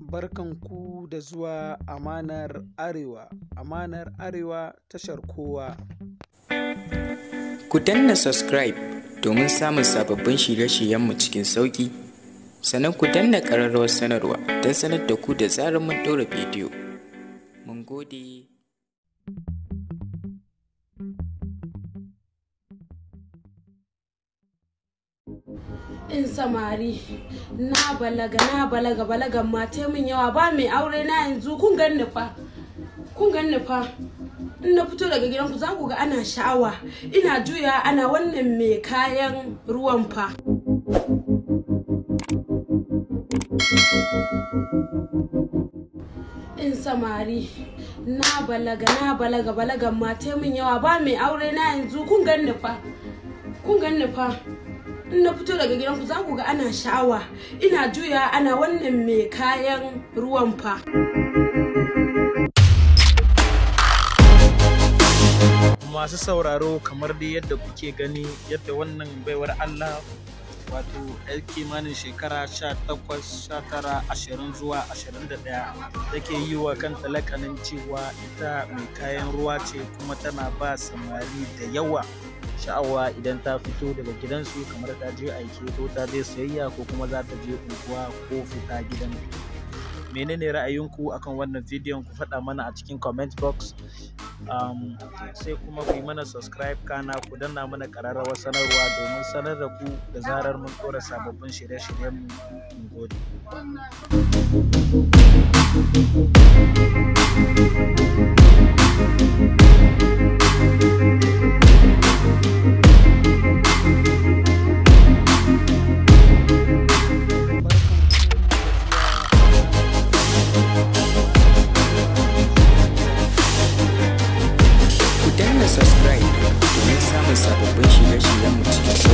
Barkanku da zuwa amanar Arewa, amanar Arewa tashar kowa. Ku danna subscribe domin samun sababbin shirye-shiryenmu cikin sauƙi, sannan ku danna ƙararrawar sanarwa don sanar da ku da zarar mun ɗora bidiyo. Mun gode. in samari na balaga na balaga balagan mata min yawa ba mai aure na yanzu kun gan fa kun ganni fa in na fito daga gidanku za ku ga ana sha'awa ina juya ana wannan mai kayan ruwan fa in samari na balaga na balaga balagan mata min yawa ba mai aure na yanzu kun gan fa kun ganni fa in na fito daga ku za ku ga ana sha'awa ina juya ana wannan mai kayan ruwan fa masu sauraro kamar dai yadda kuke gani yadda wannan baiwar Allah wato yar kimanin shekara 18-19-20 zuwa 21 take yi wa talakanin talakanin cewa ita mai kayan ruwa ce kuma tana ba samari da yawa sha'awa idan ta fito daga gidansu kamar ta je aiki ko ta je sayayya ko kuma za ta je unguwa ko fita gidan menene ra'ayinku akan wannan bidiyon ku faɗa mana a cikin comment box um, sai kuma ku yi mana subscribe kana ku danna mana ƙararrawar sanarwa domin sanar da ku da zarar mun ɗora sababbin shirye-shiryenmu mu gode kan sababbai shirye-shiryen mu cikin